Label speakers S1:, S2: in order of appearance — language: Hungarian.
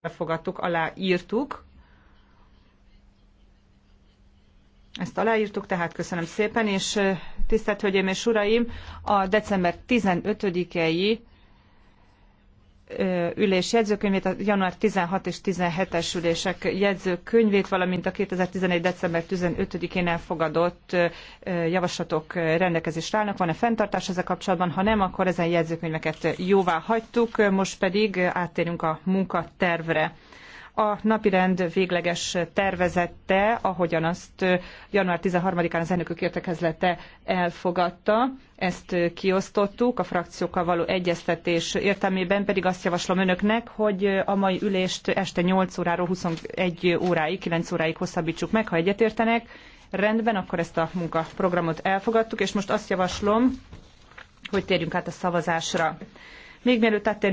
S1: elfogadtuk, aláírtuk. Ezt aláírtuk, tehát köszönöm szépen, és tisztelt Hölgyeim és Uraim, a december 15-i ülés jegyzőkönyvét, a január 16 és 17-es ülések jegyzőkönyvét, valamint a 2011. december 15-én elfogadott javaslatok rendelkezésre állnak. Van-e fenntartás ezzel kapcsolatban? Ha nem, akkor ezen jegyzőkönyveket jóvá hagytuk, most pedig áttérünk a munkatervre a napirend végleges tervezette, ahogyan azt január 13-án az elnökök értekezlete elfogadta, ezt kiosztottuk, a frakciókkal való egyeztetés értelmében pedig azt javaslom önöknek, hogy a mai ülést este 8 óráról 21 óráig, 9 óráig hosszabbítsuk meg, ha egyetértenek. Rendben, akkor ezt a munkaprogramot elfogadtuk, és most azt javaslom, hogy térjünk át a szavazásra. Még mielőtt áttenni